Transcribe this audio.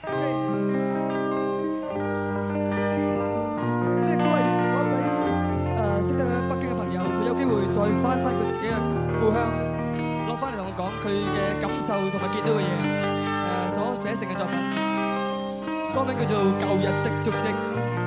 即係各位，各位，誒，識得去北京嘅朋友，佢有機會再翻翻佢自己嘅故鄉，攞翻嚟同我講佢嘅感受同埋見到嘅嘢，誒，所寫成嘅作品，歌名叫做《舊日的足跡》。